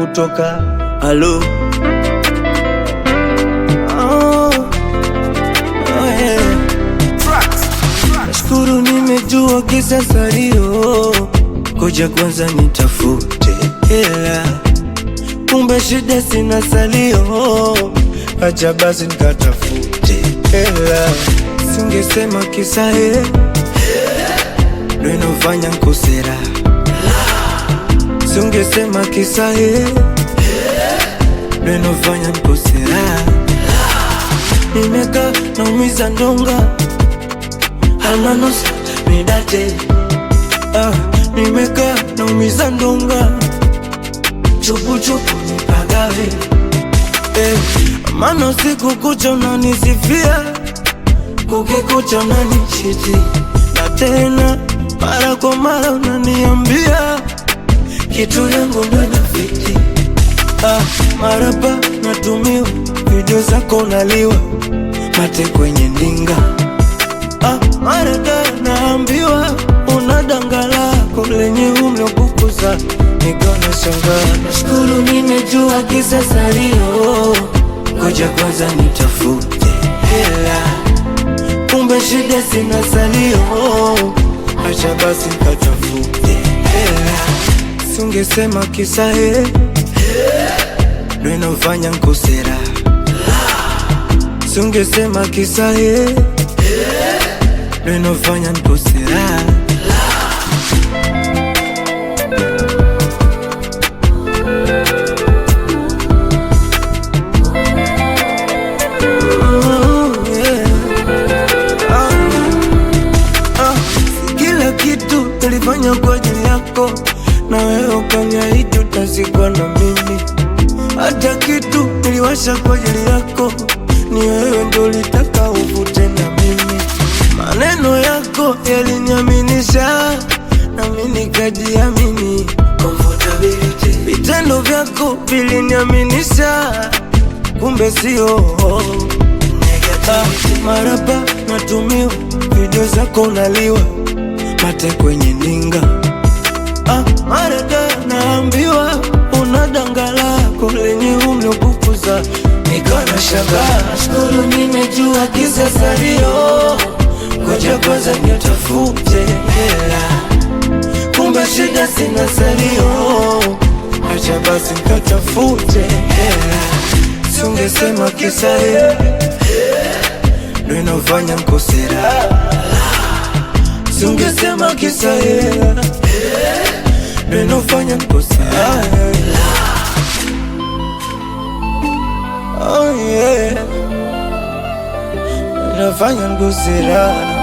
kutoka halo oh. oh, Nashukuru nimejua kisa salio, koja kwanza nitafute hela, kumbe shida sina salio, acha basi nikatafute hela, singesema kisa he ndio inofanya nkosera tungesema kisa hii neno mkosea, nimeka naumiza ndonga almanos midate ah, nimeka naumiza ndonga chupuchupu nipagawe eh, mana usiku kucha unanisifia kukikucha unanichiti na tena mara kwa mara unaniambia kitu yangu mwenafiti ah, maraba natumiwa video zako naliwa mate kwenye ndinga ah, marada naambiwa una danga lako lenye umlobukuza migona shangaa. Nashukuru nimejua kisa salio, ngoja kwanza nitafute hela, kumbe shida ungesema kisa he eh. lwenofanya nkosera tungesema kisa he eh. lwenofanya nkosera utazikwa na mimi. Hata kitu niliwasha kwa ajili yako, ni wewe ndo litaka uvute na mimi. Maneno yako yaliniaminisha, nami nikajiamini. Vitendo vyako viliniaminisha, kumbe sio ah, maraba natumiwa, video zako naliwa mate kwenye ninga ah, naambiwa danga lako lenye umlobukuza, nikona shagaa skulu, nimejua kisa salio, kwanza nitafute hela, kumbe shida sina salio, acha basi nikatafute hela, sungesema kisa hela ndo mkosera, sungesema kisa neno fanya oh yeah, nafanya nikosera